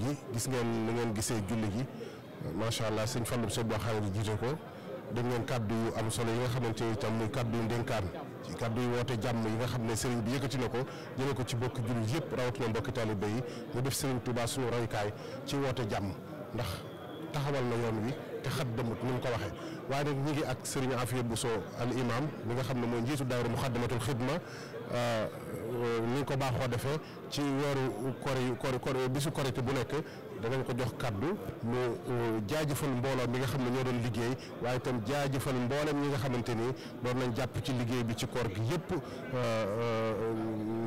julli gis ngeen ni ngeen gisee julli gi macha allah sëñ Fallou Seye boo xam ne jiite ko dem ngeen kàddu yu am solo yi nga xamante ni tam muy kàddu yu ndénkaan yu jàmm yi nga xam ne sëriñ bi yëkkati na ko jëlee ko ci bokki jullit yëpp rawatina mbokki taalibe yi mu def sëriñ Touba suñu royukaay ci woote jàmm ndax taxawal na yoon wi te xat demut ni mu ko waxee waaye nag ñu ngi ak sëriñ Afia Bousso al imam mi nga xam ne mooy njiitu daayira Muxaddamatul Xidma Euh, euh, ni ko baaxoo defee ci weeru kori kori kori bisu korite bu nekk danañ ko jox kaddu mu euh, jaajëfal mbooloo mi nga xam ne ñoo doon liggéey waaye itam jaajëfal mboolem ñi nga xamante ni doon nañ jàpp ci liggéey bi ci kor gi yépp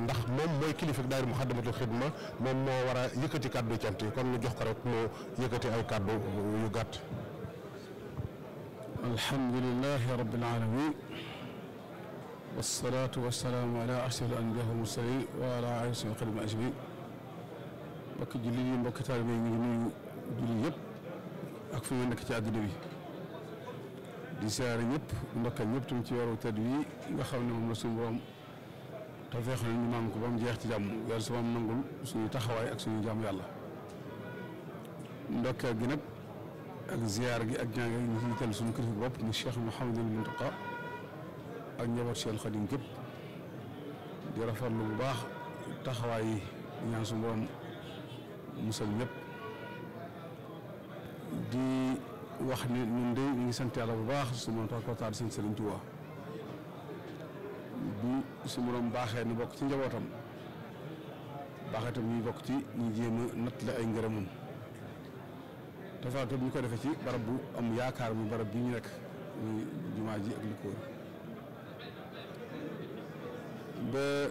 ndax moom mooy kilifa daayir Muxaddamatul Xidma moom moo war a yëkkati kaddu cant yi kon ñu jox ko rek mu yëkkati ay kaddu yu gàtt. alhamdulilah rabbil alamin wasalaatu wasalaamu ala arsal anbiyaa mursalin wa ala alihi xadim ajmain mbokki julli yi mbokki taalibe yi ñu julli yëpp ak fu ñu nekk ci àdduna bi di siyaare ñëpp ndokkal ñëpp tam ci weeru tedd wi nga xam ne moom la suñu borom te feex na ñu maam ko ba mu jeex ci jàmm yàlla su nangul suñu taxawaay ak suñu jàmm yàlla ndokkeel gi nag ak ziyaar gi ak ñaange ñu jiital suñu kilifa bopp mu Cheikh Mouhamadul Muntaqa ak njaboot seen xadim képp di rafetlu bu baax taxawaay yi ñaan su borom musal ñëpp di wax ne ñun de ñu ngi sant yàlla bu baax su ma toog waxtaan seen Sëriñ Tuubaa bu su borom baaxee nu bokk ci njabootam baaxee tam ñuy bokk ci ñu jéem a natt la ay ngërëmam te faatu ñu ko defee ci barab bu am yaakaar mu barab bi ñu nekk muy jumaa ji ak li ko ba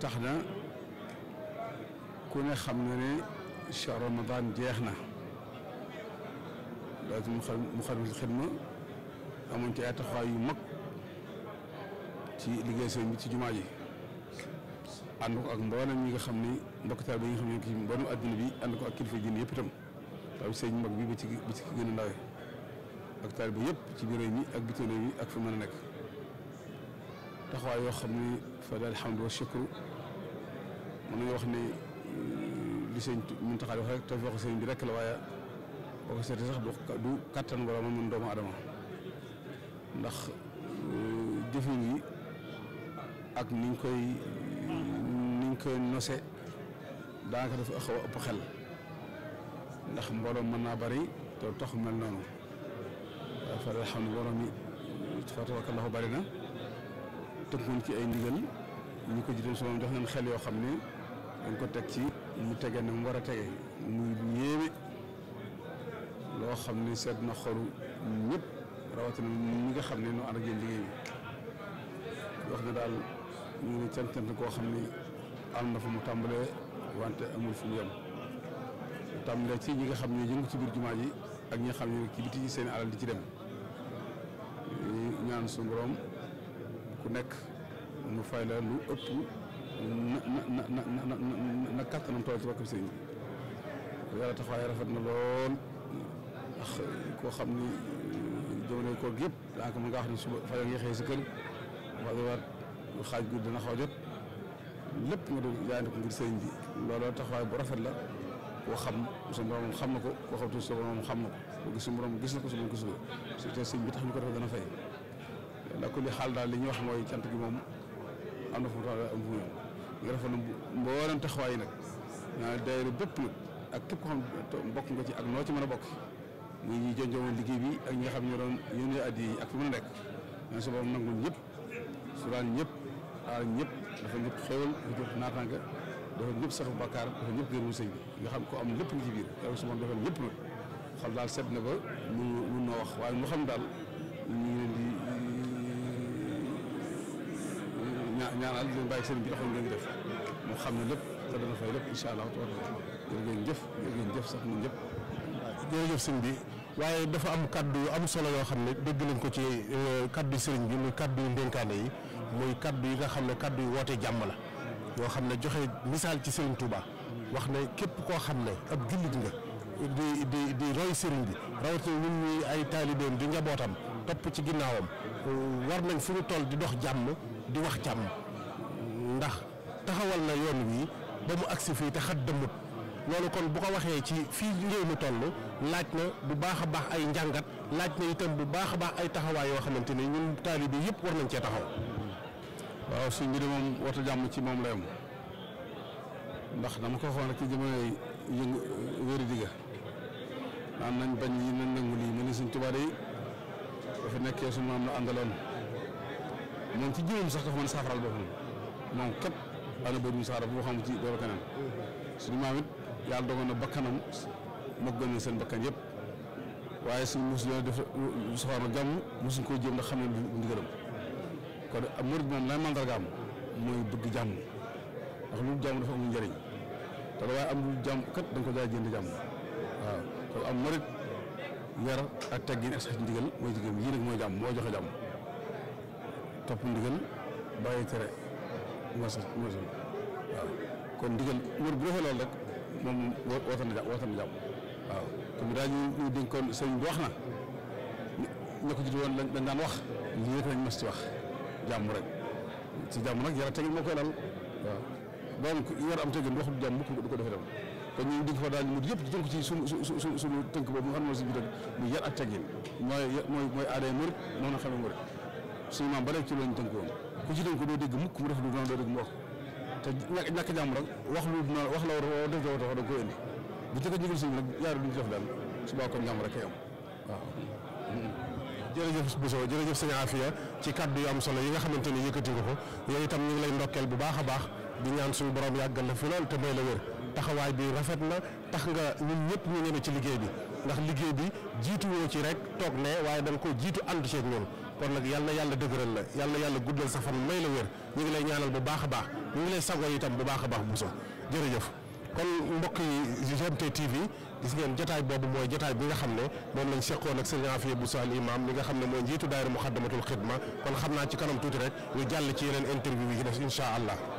tax na ku ne xam na ne Cheikh Ramadan jeex na daati mu xam mu xam xidma amuñ ci ay taxawaay yu mag ci liggéey sëñ bi ci jumaa ji ànd ko ak mboolem ñi nga xam ni mbokkitaay bi nga xam ne ci mboolem adduna bi ànd ko ak kilifa diine yëpp itam taw sëñ mag bi ba ci ba ci bi yëpp ci biir réew mi ak bitim réew mi ak fu mën a nekk taxawaay yoo xam ni fa daal alhamdu wa shukru mën nañu wax ni euh, li sëñ Muntaxa wax rek te foofu bi rek la waaye boo ko seetee sax du kattan wala mu mën doomu adama ndax euh, jëfin yi ak niñ koy niñ koy ko daanaka dafa xaw a ëpp xel ndax mbooloo mën naa bari te tax mel noonu waaye fa daal alhamdu borom yi fa tabaarakallahu bari na tënkoon ci ay ndigal ñu ko jiital soo jox leen xel yoo xam ne dañ ko teg ci mu tege na mu war a tege muy yéeme loo xam ne seet na xolu ñëpp rawatina ñi nga xam ne ñu ànd ak yéen liggéey wax na daal ñu ngi cant koo xam ne am na fu mu tàmbalee wante amul fi mu yem tàmbalee ci ñi nga xam ne yëngu ci biir jumaa ji ak ñi nga xam ne ci biti ci seen alal di ci dem ñaan suñu borom ku nekk nu fay la lu ëpp na na na na na kàttanam tool ci bakk bi sëñ bi yàlla taxawaay rafet na lool ndax koo xam ni euh, jamono koog yëpp daanaka mën nga wax ni suba fayoo ngi xëy si kër wala xaaj guddi dana xaw jot lépp nga doon jaayante ko ngir sëñ bi looloo taxawaay bu rafet la koo xam suñu borom xam na ko koo xam tuuti suñu borom xam na ko koo gis suñu borom gis na ko suñu borom gis na ko su te sëñ bi tax ñu ko def dana fay. la ko li xaal daal li ñu wax mooy cant gi moom am na fu mu toll am fu mu yem nga rafetlu nag ak képp koo xam bokk nga ci ak noo ci mën a bokk muy ñi jonjowoon liggéey bi ak ñi nga xam ñoo doon yónnee addi yi ak fu mu nekk ñaan su ñëpp suraan ñëpp ñëpp dafa ñëpp xéewal bu jëf ñëpp sax bakkaar dafa ñëpp xam ko am ci biir yàlla su borom defal nag xam daal seet na ba mu mun na wax waaye mu xam daal ñaanal di leen bàyyi sëriñ bi doxal ngeen xam ne lépp te dana fay lépp incha allah taala jërë ngeen jëf jërë bi waaye dafa am kaddu am solo yoo xam ne dégg nañ ko ci euh, kaddu sëriñ bi muy kaddu yi muy kaddu yi nga xam ne kaddu yu woote jàmm la xam ne joxe misaal ci sëriñ Touba wax ne képp koo xam ne ab jullit nga di di di roy sëriñ bi rawatina ñun ñuy ay taalibeem di njabootam topp ci ginnaawam euh, war nañ fu ñu toll di dox jàmm di wax jàmm ndax taxawal na yoon wi ba mu agsi fii te xat dëmmut loolu kon bu ko waxee ci fii réew mu toll laaj na bu baax a baax ay njàngat laaj na itam bu baax a baax ay taxawaay yoo xamante ni ñun taalibe bi yëpp war nañ cee taxaw. waaw suñ bi de moom wata jàmm ci moom la yam ndax dama ko waxoon ci jamono yëngu wéri digga nañ bañ yi nañ nangu lii suñ tubaab yi dafa nekkee suñu am la àndaloon moom ci jëmam sax dafa mën a saafaral boppam moom képp ana bëri musaara bu xam ci loolu kanam suñu maam it yàlla dogal na bakkanam moo gën seen bakkan yépp waaye suñu mos leen def soxor na gàmm mosuñ koo jéem ndax xam ne bu ndigalam kon am murid moom lay mandargaam mooy bëgg jàmm ndax lu jàmm dafa amul njëriñ te waaye am lu jàmm kat da nga ko jaay jënd jàmm waaw kon am murid yar ak teggin ak sax ci ndigal mooy jigéen yii nag mooy jàmm moo joxe jàmm topp ndigal bàyyi tere mos waaw kon ndigal mur bu defee loolu rek moom woote na jàpp woote na jàpp waaw comme daal ñu ñu dénkoon sëñ bi wax na ña ko jiitu wax lii rek si mos ci jàmm rek ci jàmm nag yara tegin moo koy lal waaw borom yar am tegin wax jàmm du ko defee dama kon ñu dig fa daal mu yëpp di tënk ci suñu suñu suñu tënk boobu nga xam ne si biir bu maam ba rek ci loolu ñu tënk woon ku ci dañ ko doo dégg mukk mu def lu doon doo dégg mu wax te ñàkk jàmm rek wax lu dina wax la war a def da war a ko indi bu njëkk a njëkkal suñu nag yaari duñ ci def daal subaa kon jàmm rek kay am waaw. jërëjëf Bousso seen sëñ ci kaddu yu am solo yi nga xamante ni yëkkati nga ko yooyu itam ñu ngi lay ndokkeel bu baax a baax di ñaan suñu borom yàggal la fi lool te may la wér taxawaay bi rafet na tax nga ñun ñëpp ñu ñeme ci liggéey bi ndax liggéey bi jiitu jiituwoo ci rek toog ne waaye dañ ko jiitu ànd ceeg ñoom kon nag yàlla yàlla dëgëral la yàlla yàlla guddal sa fan may la wér ñu ngi lay ñaanal bu baax a baax ñu ngi lay sagoo itam bu baax a baax so Bousso jërëjëf kon mbokk yi GMT TV gis ngeen jotaay boobu mooy jotaay bi nga xam ne moom lañ seqoon ak Serigne Afia bu al imam li nga xam ne mooy njiitu daayira Muxaddamatul Xidma kon xam naa ci kanam tuuti rek ñu jàll ci yeneen interview yi ci des allah